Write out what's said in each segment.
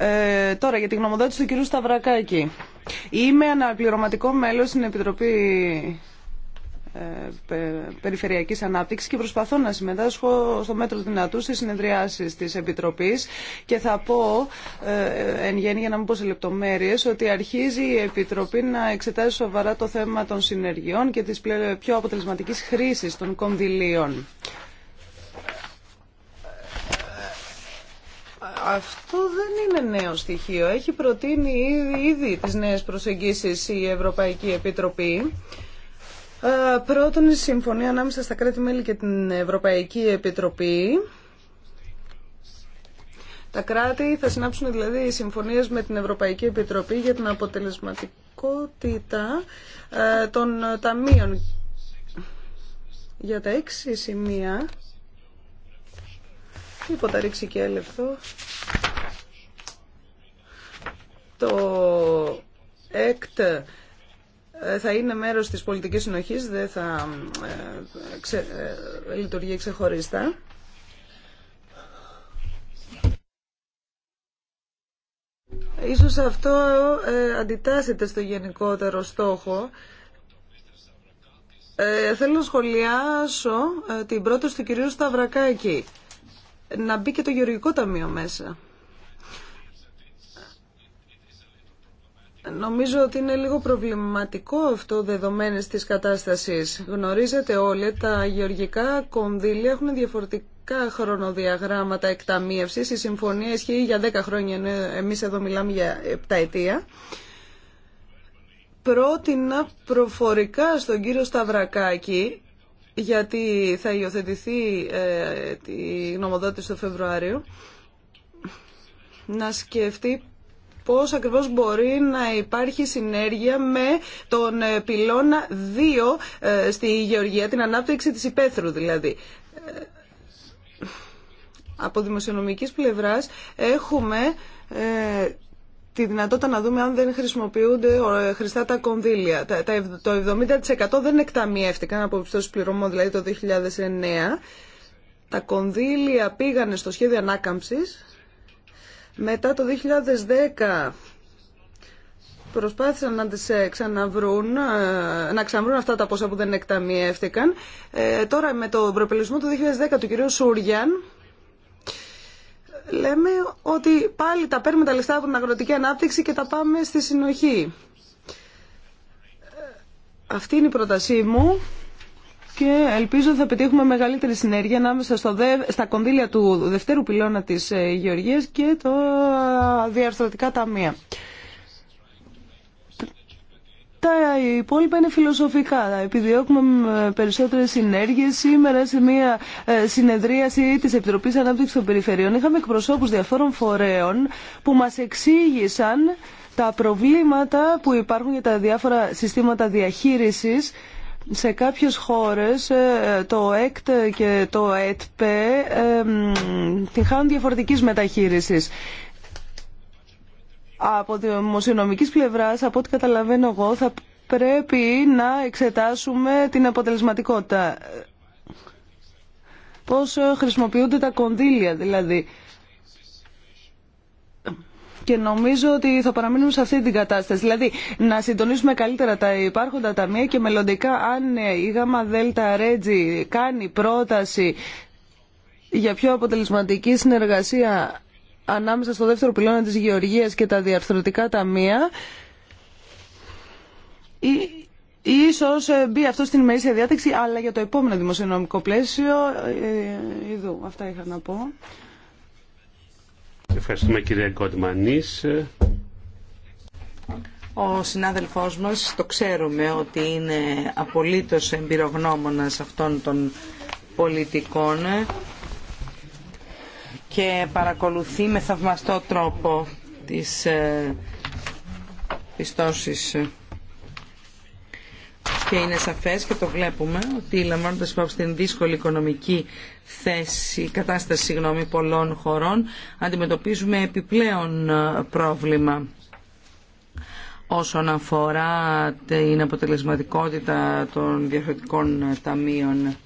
Ε, τώρα για την γνωμοδότηση του κυρίου Σταυρακάκη. Είμαι αναπληρωματικό μέλος στην Επιτροπή ε, περιφερειακής ανάπτυξης και προσπαθώ να συμμετάσχω στο μέτρο δυνατού στις συνεδριάσεις της Επιτροπής και θα πω ε, εν γέννη για να μην πω σε λεπτομέρειες ότι αρχίζει η Επιτροπή να εξετάζει σοβαρά το θέμα των συνεργειών και της πιο αποτελεσματικής χρήσης των κονδυλίων. Αυτό δεν είναι νέο στοιχείο. Έχει προτείνει ήδη, ήδη τις νέες προσεγγίσεις η Ευρωπαϊκή Επιτροπή. Ε, πρώτον, η συμφωνία ανάμεσα στα κράτη-μέλη και την Ευρωπαϊκή Επιτροπή. Τα κράτη θα συνάψουν δηλαδή συμφωνίες με την Ευρωπαϊκή Επιτροπή για την αποτελεσματικότητα ε, των ταμείων. Για τα έξι σημεία τίποτα ρίξει και έλευθο. Το ΕΚΤ ε, θα είναι μέρος της πολιτικής συνοχής, δεν θα ε, ε, λειτουργεί ξεχωριστά. Ίσως αυτό αντιτάσσεται στο γενικότερο στόχο. θέλω να σχολιάσω την πρόταση του κυρίου Σταυρακάκη να μπει και το γεωργικό ταμείο μέσα. Νομίζω ότι είναι λίγο προβληματικό αυτό δεδομένες της κατάστασης. Γνωρίζετε όλοι, τα γεωργικά κονδύλια έχουν διαφορετικά χρονοδιαγράμματα εκταμίευσης. Η συμφωνία ισχύει για 10 χρόνια, ενώ εμείς εδώ μιλάμε για 7 ετία. Πρότεινα προφορικά στον κύριο Σταυρακάκη γιατί θα υιοθετηθεί ε, τη η γνωμοδότηση το Φεβρουάριο, να σκεφτεί πώς ακριβώς μπορεί να υπάρχει συνέργεια με τον ε, πυλώνα 2 ε, στη Γεωργία, την ανάπτυξη της υπαίθρου δηλαδή. Από δημοσιονομικής πλευράς έχουμε τη δυνατότητα να δούμε αν δεν χρησιμοποιούνται ε, χρηστά τα κονδύλια. Το 70% δεν εκταμιεύτηκαν από πιστώσεις πληρωμών, δηλαδή το 2009. Τα κονδύλια πήγανε στο σχέδιο ανάκαμψης. Μετά το 2010 προσπάθησαν να τις ε, ξαναβρούν, ε, να ξαναβρούν αυτά τα πόσα που δεν εκταμιεύτηκαν. τώρα με το προπελισμό του 2010 του κυρίου Σούριαν, λέμε ότι πάλι τα παίρνουμε τα λεφτά από την αγροτική ανάπτυξη και τα πάμε στη συνοχή. Αυτή είναι η πρότασή μου και ελπίζω ότι θα πετύχουμε μεγαλύτερη συνέργεια ανάμεσα στο στα κονδύλια του δευτέρου πυλώνα της ε, Γεωργίας και το διαρθρωτικά ταμεία. Τα υπόλοιπα είναι φιλοσοφικά. Επιδιώκουμε περισσότερε συνέργειε. Σήμερα σε μια ε, συνεδρίαση τη Επιτροπή Ανάπτυξη των Περιφερειών είχαμε εκπροσώπου διαφόρων φορέων που μα εξήγησαν τα προβλήματα που υπάρχουν για τα διάφορα συστήματα διαχείρισης σε κάποιες χώρες ε, το ΕΚΤ και το ΕΤΠΕ την χάνουν διαφορετικής από τη δημοσιονομική πλευρά, από ό,τι καταλαβαίνω εγώ, θα πρέπει να εξετάσουμε την αποτελεσματικότητα. Πώς χρησιμοποιούνται τα κονδύλια, δηλαδή. Και νομίζω ότι θα παραμείνουμε σε αυτή την κατάσταση. Δηλαδή, να συντονίσουμε καλύτερα τα υπάρχοντα ταμεία και μελλοντικά, αν η ΓΑΜΑ κάνει πρόταση για πιο αποτελεσματική συνεργασία ανάμεσα στο δεύτερο πυλώνα της γεωργίας και τα διαρθρωτικά ταμεία Ίσως ε, μπει αυτό στην ημερήσια διάταξη, αλλά για το επόμενο δημοσιονομικό πλαίσιο, εδώ αυτά είχα να πω. Ευχαριστούμε κυρία Κοντμανής. Ο συνάδελφός μας, το ξέρουμε ότι είναι απολύτως εμπειρογνώμονας αυτών των πολιτικών ε, και παρακολουθεί με θαυμαστό τρόπο τις ε, πιστώσεις και είναι σαφές και το βλέπουμε ότι λαμβάνοντας υπόψη την δύσκολη οικονομική θέση, κατάσταση γνώμη πολλών χωρών αντιμετωπίζουμε επιπλέον ε, πρόβλημα όσον αφορά την αποτελεσματικότητα των διαφορετικών ε, ταμείων.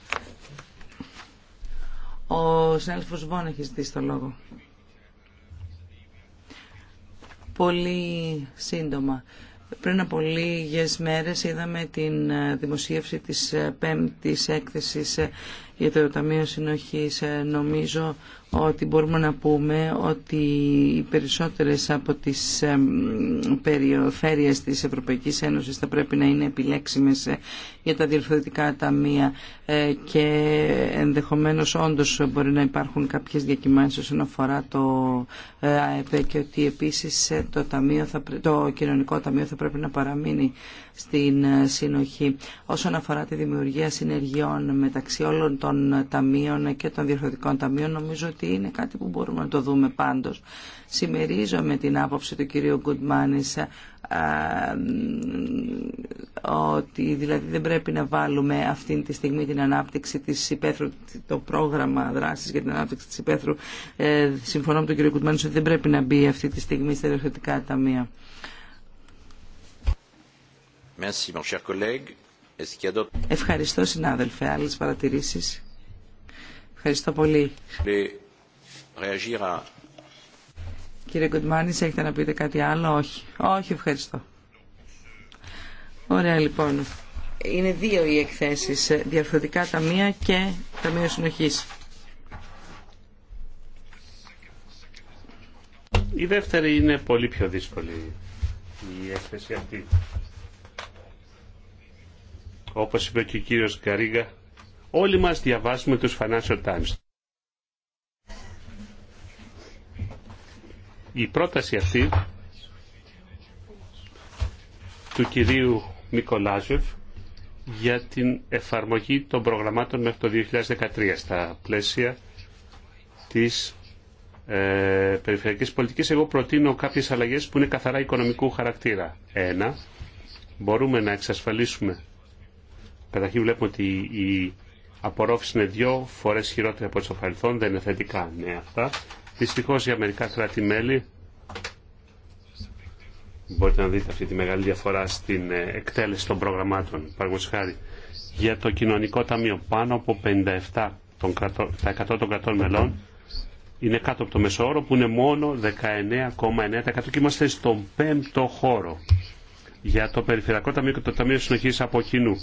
Ο συνάδελφος Βόν έχει ζητήσει το λόγο. Πολύ σύντομα. Πριν από λίγες μέρες είδαμε την ε, δημοσίευση της ε, πέμπτης έκθεσης ε, για το Ταμείο Συνοχής. Ε, νομίζω ότι μπορούμε να πούμε ότι οι περισσότερες από τις περιοφέρειες της Ευρωπαϊκής Ένωσης θα πρέπει να είναι επιλέξιμες ε, για τα διευθυντικά ταμεία ε, και ενδεχομένως όντως μπορεί να υπάρχουν κάποιες διακοιμάνσεις όσον αφορά το ΑΕΠ και ότι επίσης το, το κοινωνικό ταμείο θα πρέπει να παραμείνει στην συνοχή. Όσον αφορά τη δημιουργία συνεργειών μεταξύ όλων των των ταμείων και των διευθυντικών ταμείων νομίζω ότι είναι κάτι που μπορούμε να το δούμε πάντως. Συμμερίζομαι την άποψη του κυρίου Γκουτμάνης ε, ότι δηλαδή δεν πρέπει να βάλουμε αυτή τη στιγμή την ανάπτυξη της υπαίθρου, το πρόγραμμα δράσης για την ανάπτυξη της υπαίθρου. Ε, συμφωνώ με τον κύριο Κουτμάνης ότι δεν πρέπει να μπει αυτή τη στιγμή στα διευθυντικά ταμεία. Merci, mon cher collègue. Ευχαριστώ συνάδελφε. Άλλες παρατηρήσεις. Ευχαριστώ πολύ. Κύριε Κοντμάνης, έχετε να πείτε κάτι άλλο. Όχι. Όχι, ευχαριστώ. Ωραία λοιπόν. Είναι δύο οι εκθέσεις. Διαφορετικά ταμεία και ταμείο συνοχής. Η δεύτερη είναι πολύ πιο δύσκολη η έκθεση αυτή. Όπως είπε και ο κύριος Καρίγα, όλοι μας διαβάζουμε τους Financial Times. Η πρόταση αυτή του κυρίου Μικολάζεφ για την εφαρμογή των προγραμμάτων μέχρι το 2013 στα πλαίσια της ε, περιφερειακής πολιτικής. Εγώ προτείνω κάποιες αλλαγές που είναι καθαρά οικονομικού χαρακτήρα. Ένα, μπορούμε να εξασφαλίσουμε Καταρχήν βλέπουμε ότι η απορρόφηση είναι δύο φορέ χειρότερη από ό,τι στο παρελθόν. Δεν είναι θετικά νέα αυτά. Δυστυχώ για μερικά κράτη-μέλη μπορείτε να δείτε αυτή τη μεγάλη διαφορά στην ε, εκτέλεση των προγραμμάτων. Παραδείγματο χάρη για το κοινωνικό ταμείο πάνω από 57% των κρατών, 100 των κρατών μελών είναι κάτω από το μεσόωρο που είναι μόνο 19,9% και είμαστε στον πέμπτο χώρο. Για το Περιφερειακό Ταμείο και το Ταμείο συνοχή από κοινού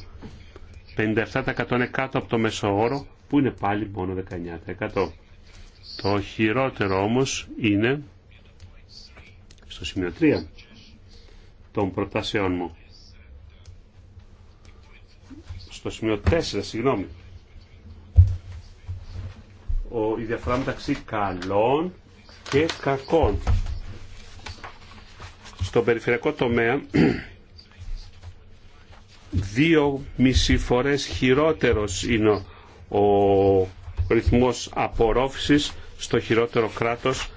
57% είναι κάτω από το μέσο όρο που είναι πάλι μόνο 19%. Το χειρότερο όμως είναι στο σημείο 3 των προτάσεών μου. Στο σημείο 4, συγγνώμη. Ο, η διαφορά μεταξύ καλών και κακών. Στον περιφερειακό τομέα δύο μισή φορές χειρότερος είναι ο ρυθμός απορρόφησης στο χειρότερο κράτος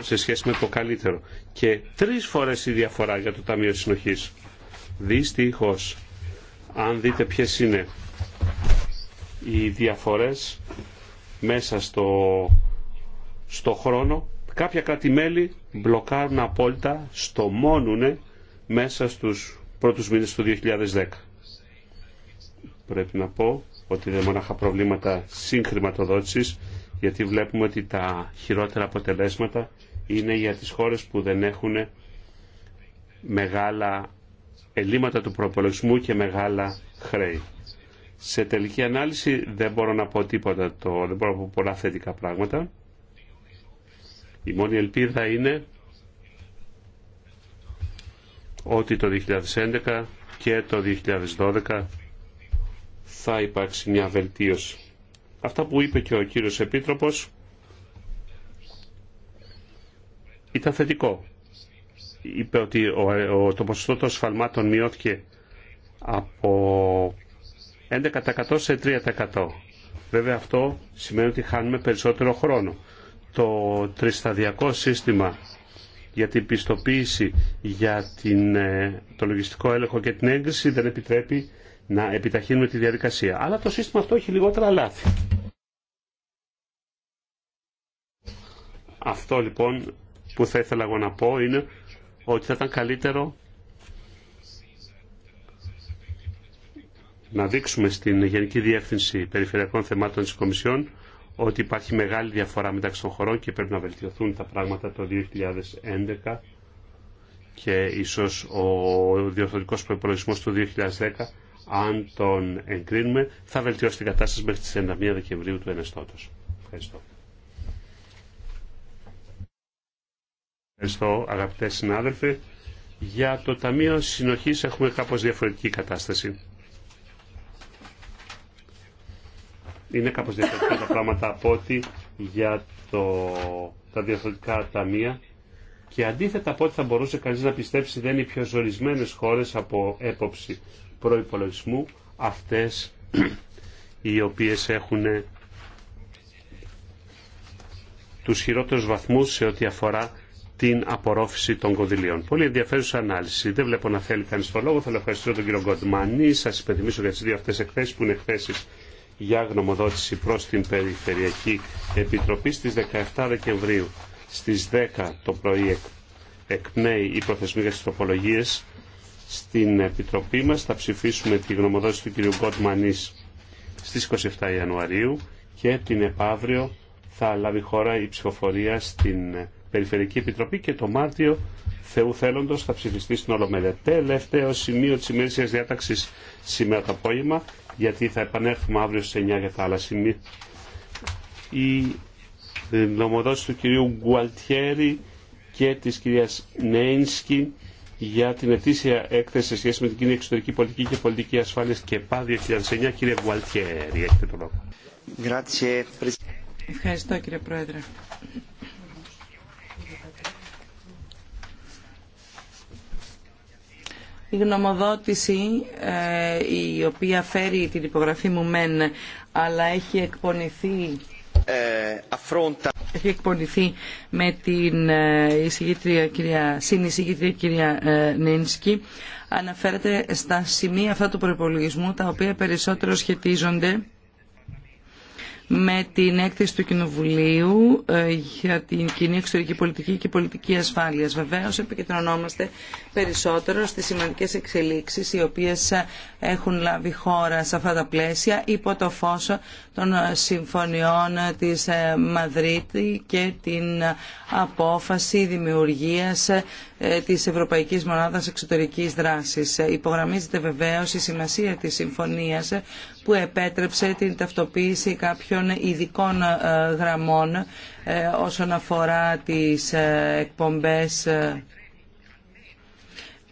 σε σχέση με το καλύτερο. Και τρεις φορές η διαφορά για το Ταμείο Συνοχής. Δυστυχώς, αν δείτε ποιες είναι οι διαφορές μέσα στο, στο χρόνο, κάποια κράτη-μέλη μπλοκάρουν απόλυτα, στομώνουν μέσα στους πρώτους μήνες του 2010 πρέπει να πω ότι δεν είχα προβλήματα συγχρηματοδότηση, γιατί βλέπουμε ότι τα χειρότερα αποτελέσματα είναι για τις χώρες που δεν έχουν μεγάλα ελλείμματα του προπολογισμού και μεγάλα χρέη. Σε τελική ανάλυση δεν μπορώ να πω τίποτα, το, δεν μπορώ να πω πολλά θετικά πράγματα. Η μόνη ελπίδα είναι ότι το 2011 και το 2012 θα υπάρξει μια βελτίωση. Αυτά που είπε και ο κύριος Επίτροπος ήταν θετικό. Είπε ότι το ποσοστό των σφαλμάτων μειώθηκε από 11% σε 3%. Βέβαια αυτό σημαίνει ότι χάνουμε περισσότερο χρόνο. Το τρισταδιακό σύστημα για την πιστοποίηση, για την, ε, το λογιστικό έλεγχο και την έγκριση δεν επιτρέπει να επιταχύνουμε τη διαδικασία. Αλλά το σύστημα αυτό έχει λιγότερα λάθη. Αυτό λοιπόν που θα ήθελα εγώ να πω είναι ότι θα ήταν καλύτερο να δείξουμε στην Γενική Διεύθυνση Περιφερειακών Θεμάτων της Κομισιόν ότι υπάρχει μεγάλη διαφορά μεταξύ των χωρών και πρέπει να βελτιωθούν τα πράγματα το 2011 και ίσως ο διορθωτικός προϋπολογισμός του 2010 αν τον εγκρίνουμε, θα βελτιώσει την κατάσταση μέχρι τις 91 Δεκεμβρίου του Ενεστώτος. Ευχαριστώ. Ευχαριστώ αγαπητέ συνάδελφοι. Για το Ταμείο Συνοχής έχουμε κάπως διαφορετική κατάσταση. Είναι κάπως διαφορετικά τα πράγματα από ό,τι για τα διαφορετικά ταμεία και αντίθετα από ό,τι θα μπορούσε κανείς να πιστέψει δεν είναι οι πιο ζωρισμένες χώρες από έποψη προϋπολογισμού αυτές οι οποίες έχουν τους χειρότερου βαθμούς σε ό,τι αφορά την απορρόφηση των κονδυλίων. Πολύ ενδιαφέρουσα ανάλυση. Δεν βλέπω να θέλει κανεί το λόγο. Θέλω ευχαριστήσω τον κύριο Γκοντμανή. Σα υπενθυμίσω για τι δύο αυτέ εκθέσει που είναι εκθέσει για γνωμοδότηση προ την Περιφερειακή Επιτροπή στι 17 Δεκεμβρίου στι 10 το πρωί εκπνέει η προθεσμία για τροπολογίε στην Επιτροπή μας. Θα ψηφίσουμε τη γνωμοδότηση του κ. Γκότμανής στις 27 Ιανουαρίου και την επαύριο θα λάβει χώρα η ψηφοφορία στην Περιφερική Επιτροπή και το Μάρτιο Θεού θέλοντος θα ψηφιστεί στην Ολομέλεια. Τελευταίο σημείο της ημερήσιας διάταξης σήμερα το απόγευμα γιατί θα επανέλθουμε αύριο σε 9 για τα άλλα σημεία. Η ε, γνωμοδότηση του κυρίου Γκουαλτιέρη και της κυρίας Νέινσκι για την ετήσια έκθεση σε σχέση με την κοινή εξωτερική πολιτική και πολιτική ασφάλεια και ΠΑ 2009. Κύριε Γουαλτιέρη, έχετε το λόγο. Ευχαριστώ κύριε Πρόεδρε. Η γνωμοδότηση ε, η οποία φέρει την υπογραφή μου μεν αλλά έχει εκπονηθεί έχει εκπονηθεί με την ε, εισηγήτρια κυρία, συνεισηγήτρια κυρία ε, Νίνσκι αναφέρεται στα σημεία αυτά του προπολογισμού τα οποία περισσότερο σχετίζονται με την έκθεση του Κοινοβουλίου ε, για την κοινή εξωτερική πολιτική και πολιτική ασφάλειας. Βεβαίως επικεντρωνόμαστε περισσότερο στις σημαντικές εξελίξει οι οποίες έχουν λάβει χώρα σε αυτά τα πλαίσια υπό το φως των συμφωνιών της ε, Μαδρίτη και την απόφαση δημιουργίας ε, της Ευρωπαϊκής Μονάδας Εξωτερικής Δράσης. Υπογραμμίζεται βεβαίως η σημασία της συμφωνίας που επέτρεψε την ταυτοποίηση κάποιων ειδικών ε, γραμμών όσον αφορά τις εκπομπές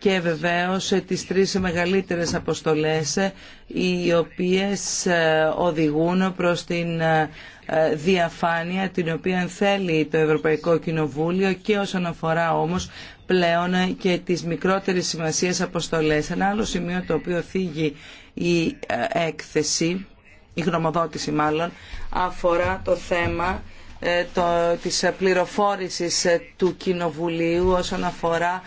και βεβαίως τις τρεις μεγαλύτερες αποστολές οι οποίες ε, οδηγούν προς την ε, ε, διαφάνεια την οποία θέλει το Ευρωπαϊκό Κοινοβούλιο και όσον αφορά όμως πλέον και τις μικρότερες σημασίες αποστολές. Ένα άλλο σημείο το οποίο θίγει η έκθεση, η γνωμοδότηση μάλλον, αφορά το θέμα το, της πληροφόρησης του Κοινοβουλίου όσον αφορά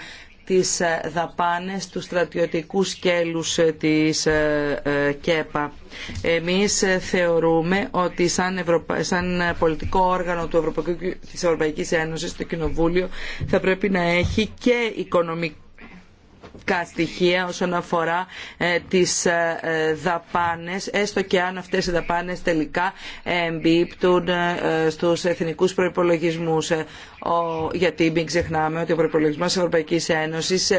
τις ε, δαπάνες του στρατιωτικού σκέλους ε, της ε, ΚΕΠΑ. Εμείς θεωρούμε ότι σαν, σαν πολιτικό όργανο του Ευρωπαϊκού... της Ευρωπαϊκής Ένωσης, το Κοινοβούλιο, θα πρέπει να έχει και οικονομικό στοιχεία όσον αφορά ε, τις ε, ε, δαπάνες έστω και αν αυτές οι δαπάνες τελικά εμπίπτουν στους εθνικούς προϋπολογισμούς γιατί μην ξεχνάμε ότι ο προϋπολογισμός της Ευρωπαϊκής Ένωσης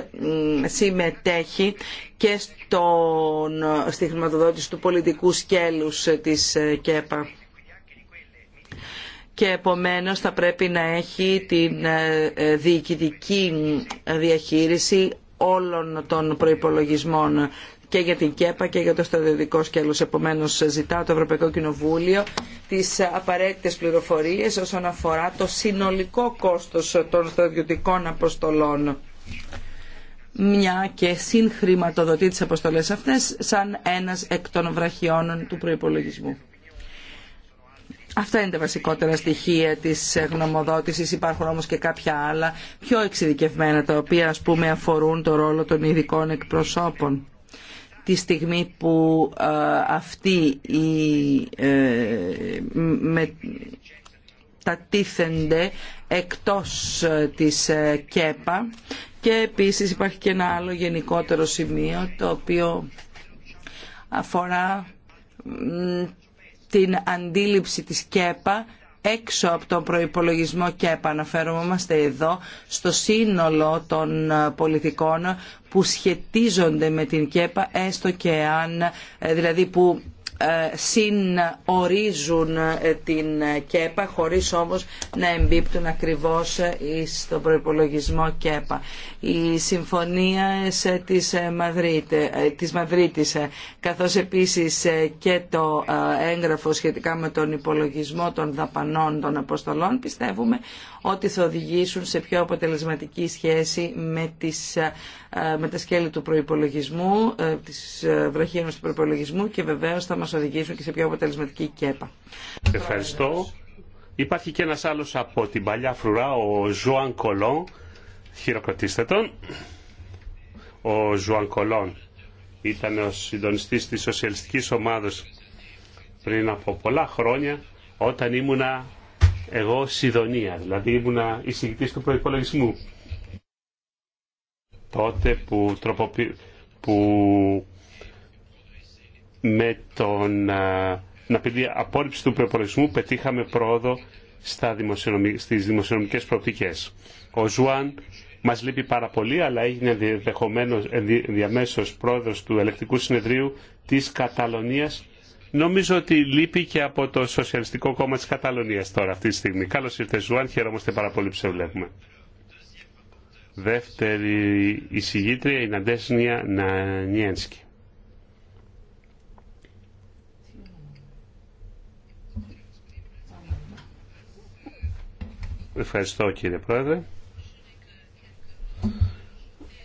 συμμετέχει και στον, στη χρηματοδότηση του πολιτικού σκέλους της ΚΕΠΑ και επομένως θα πρέπει να έχει την διοικητική διαχείριση όλων των προϋπολογισμών και για την ΚΕΠΑ και για το στρατιωτικό σκέλος. Επομένως, ζητά το Ευρωπαϊκό Κοινοβούλιο τις απαραίτητες πληροφορίες όσον αφορά το συνολικό κόστος των στρατιωτικών αποστολών μια και συγχρηματοδοτεί τις αποστολές αυτές σαν ένας εκ των βραχιών του προϋπολογισμού. Αυτά είναι τα βασικότερα στοιχεία της γνωμοδότησης. Υπάρχουν όμως και κάποια άλλα πιο εξειδικευμένα τα οποία ας πούμε αφορούν το ρόλο των ειδικών εκπροσώπων. Τη στιγμή που ε, αυτοί ε, τα τίθενται εκτός ε, της ΚΕΠΑ και επίσης υπάρχει και ένα άλλο γενικότερο σημείο το οποίο αφορά την αντίληψη της ΚΕΠΑ έξω από τον προϋπολογισμό και είμαστε εδώ στο σύνολο των ε, πολιτικών που σχετίζονται με την ΚΕΠΑ έστω και αν, ε, δηλαδή που ε, συνορίζουν ε, την ε, ΚΕΠΑ χωρίς όμως να εμπίπτουν ακριβώς στον προϋπολογισμό ΚΕΠΑ. Οι συμφωνίες της, Μαδρίτη, της Μαδρίτης καθώς επίσης και το έγγραφο σχετικά με τον υπολογισμό των δαπανών των αποστολών πιστεύουμε ότι θα οδηγήσουν σε πιο αποτελεσματική σχέση με, τις, με τα σκέλη του προϋπολογισμού, της βραχίωνος του προϋπολογισμού και βεβαίως θα μας οδηγήσουν και σε πιο αποτελεσματική ΚΕΠΑ. Ευχαριστώ. Υπάρχει και ένας άλλος από την παλιά φρουρά, ο Ζουάν Κολόν. Χειροκροτήστε τον. Ο Ζουάν Κολόν ήταν ο συντονιστής της Σοσιαλιστικής Ομάδος πριν από πολλά χρόνια όταν ήμουνα εγώ Σιδονία, δηλαδή ήμουνα εισηγητής του προπολογισμού. Τότε που, που με τον, να πει απόρριψη του προπολογισμού πετύχαμε πρόοδο στα δημοσιονομικέ στις δημοσιονομικές προοπτικές. Ο Ζουάν μας λείπει πάρα πολύ, αλλά έγινε διαμέσως πρόεδρος του Ελεκτικού Συνεδρίου της Καταλωνίας. Νομίζω ότι λείπει και από το Σοσιαλιστικό Κόμμα της Καταλωνίας τώρα αυτή τη στιγμή. Καλώς ήρθε Ζουάν, χαιρόμαστε πάρα πολύ που σε βλέπουμε. Δεύτερη εισηγήτρια η Αντέσνια Νιένσκι. Ευχαριστώ κύριε Πρόεδρε.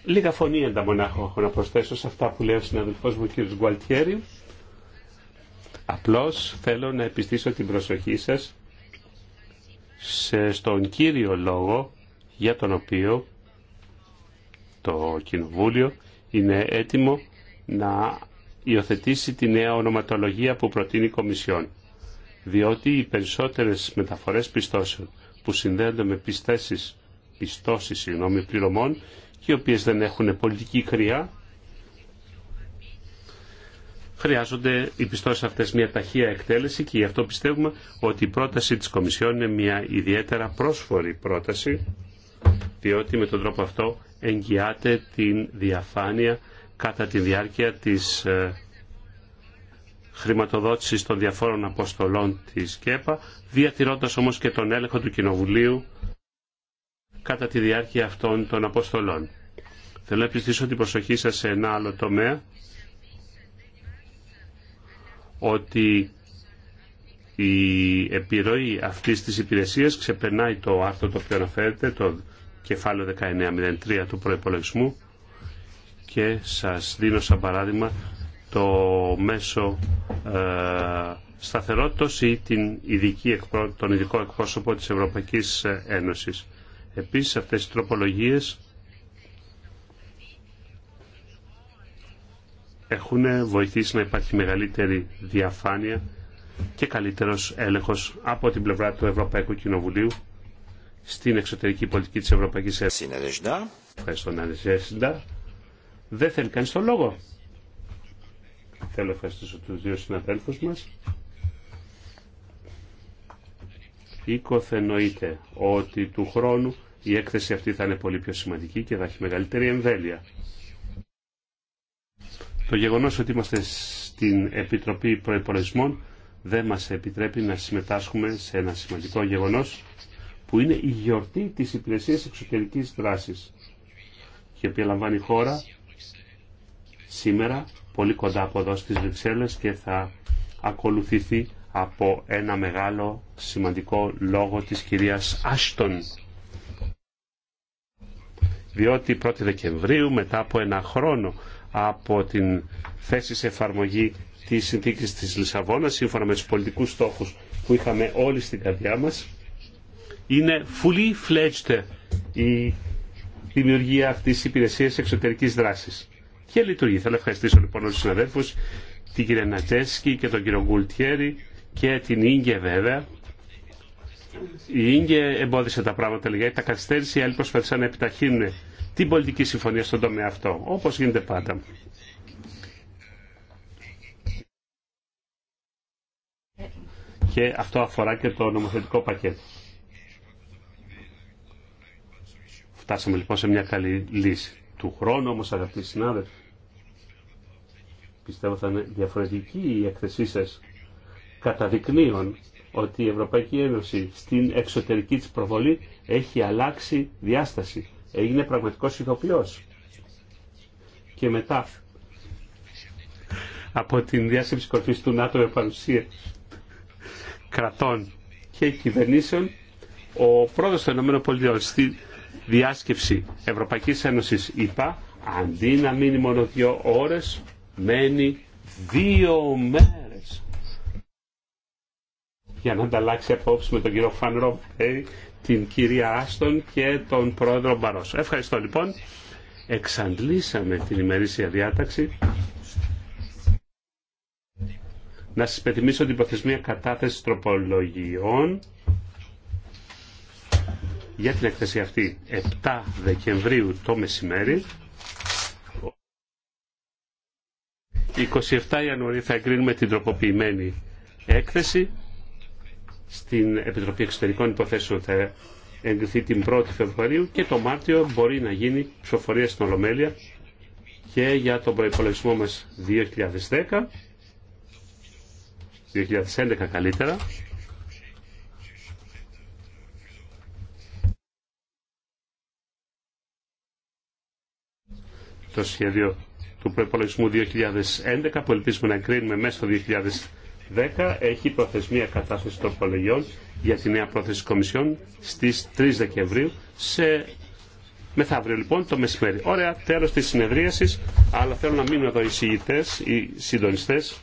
Λίγα φωνή μονάχα έχω να προσθέσω σε αυτά που λέει ο συναδελφός μου κύριος Γκουαλτιέρη. Απλώς θέλω να επιστήσω την προσοχή σας σε, στον κύριο λόγο για τον οποίο το Κοινοβούλιο είναι έτοιμο να υιοθετήσει τη νέα ονοματολογία που προτείνει η Κομισιόν. Διότι οι περισσότερες μεταφορές πιστώσεων που συνδέονται με πιστέσεις, πιστώσεις συγγνώμη, πληρωμών και οι οποίες δεν έχουν πολιτική κρυά χρειάζονται οι πιστώσεις αυτές μια ταχεία εκτέλεση και γι' αυτό πιστεύουμε ότι η πρόταση της Κομισιόν είναι μια ιδιαίτερα πρόσφορη πρόταση διότι με τον τρόπο αυτό εγγυάται την διαφάνεια κατά τη διάρκεια της ε, Χρηματοδότηση των διαφόρων αποστολών της ΚΕΠΑ, διατηρώντας όμως και τον έλεγχο του Κοινοβουλίου κατά τη διάρκεια αυτών των αποστολών. Θέλω να επιστήσω την προσοχή σας σε ένα άλλο τομέα, ότι η επιρροή αυτής της υπηρεσίας ξεπερνάει το άρθρο το οποίο αναφέρεται, το κεφάλαιο 1903 του προϋπολογισμού και σας δίνω σαν παράδειγμα το μέσο ε, σταθερότητος ή την ειδική, τον ειδικό εκπρόσωπο της Ευρωπαϊκής Ένωσης. Επίσης αυτές οι τροπολογίες έχουν βοηθήσει να υπάρχει μεγαλύτερη διαφάνεια και καλύτερος έλεγχος από την πλευρά του Ευρωπαϊκού Κοινοβουλίου στην εξωτερική πολιτική της Ευρωπαϊκής Ένωσης. Ευχαριστώ, Δεν θέλει κανείς το λόγο. Θέλω να ευχαριστήσω τους δύο συναδέλφους μας. Οίκοθε εννοείται ότι του χρόνου η έκθεση αυτή θα είναι πολύ πιο σημαντική και θα έχει μεγαλύτερη εμβέλεια. Το γεγονός ότι είμαστε στην Επιτροπή Προϋπολογισμών δεν μας επιτρέπει να συμμετάσχουμε σε ένα σημαντικό γεγονός που είναι η γιορτή της υπηρεσίας εξωτερικής δράσης και οποία λαμβάνει χώρα σήμερα πολύ κοντά από εδώ στις Βρυξέλλες και θα ακολουθηθεί από ένα μεγάλο σημαντικό λόγο της κυρίας Άστον. Διότι 1η Δεκεμβρίου μετά από ένα χρόνο από την θέση σε εφαρμογή της συνθήκης της Λισαβόνας σύμφωνα με τους πολιτικούς στόχους που είχαμε όλοι στην καρδιά μας είναι fully fledged η δημιουργία αυτής της υπηρεσίας εξωτερικής δράσης και λειτουργεί. Θέλω να ευχαριστήσω λοιπόν όλους τους συναδέλφους, την κυρία και τον κύριο Γκουλτιέρη και την Ίγκε βέβαια. Η Ίγκε εμπόδισε τα πράγματα λίγα, τα καθυστέρησε, οι άλλοι προσπαθήσαν να επιταχύνουν την πολιτική συμφωνία στον τομέα αυτό, όπως γίνεται πάντα. Και αυτό αφορά και το νομοθετικό πακέτο. Φτάσαμε λοιπόν σε μια καλή λύση του χρόνου όμως αγαπητοί συνάδελφοι. Πιστεύω θα είναι διαφορετική η εκθεσή σας καταδεικνύων ότι η Ευρωπαϊκή Ένωση στην εξωτερική της προβολή έχει αλλάξει διάσταση. Έγινε πραγματικός ηθοποιός. Και μετά από την διάσκεψη κορφής του ΝΑΤΟ με παρουσία κρατών και κυβερνήσεων, ο πρόεδρος των ΗΠΑ διάσκεψη Ευρωπαϊκής Ένωσης είπα, αντί να μείνει μόνο δύο ώρες μένει δύο μέρες για να ανταλλάξει απόψη με τον κύριο Φαν την κυρία Άστον και τον πρόεδρο Μπαρόσο. Ευχαριστώ λοιπόν. Εξαντλήσαμε την ημερήσια διάταξη. Να σας υπενθυμίσω την υποθεσμία κατάθεση τροπολογιών για την έκθεση αυτή 7 Δεκεμβρίου το μεσημέρι. 27 Ιανουαρίου θα εγκρίνουμε την τροποποιημένη έκθεση. Στην Επιτροπή Εξωτερικών Υποθέσεων θα εγκριθεί την 1η Φεβρουαρίου και το Μάρτιο μπορεί να γίνει ψηφοφορία στην Ολομέλεια και για τον προϋπολογισμό μας 2010, 2011 καλύτερα, το σχέδιο του προπολογισμού 2011 που ελπίζουμε να κρίνουμε μέσα στο 2010 έχει προθεσμία κατάσταση των προλογιών για τη νέα πρόθεση κομισιών στις 3 Δεκεμβρίου σε μεθαύριο λοιπόν το μεσημέρι. Ωραία, τέλος της συνεδρίασης, αλλά θέλω να μείνουν εδώ οι συγητές, οι συντονιστές.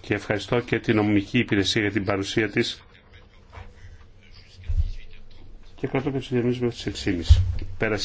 Και ευχαριστώ και την νομική υπηρεσία για την παρουσία της και κρατώ και του μέχρι στις 6.30. Πέρασε.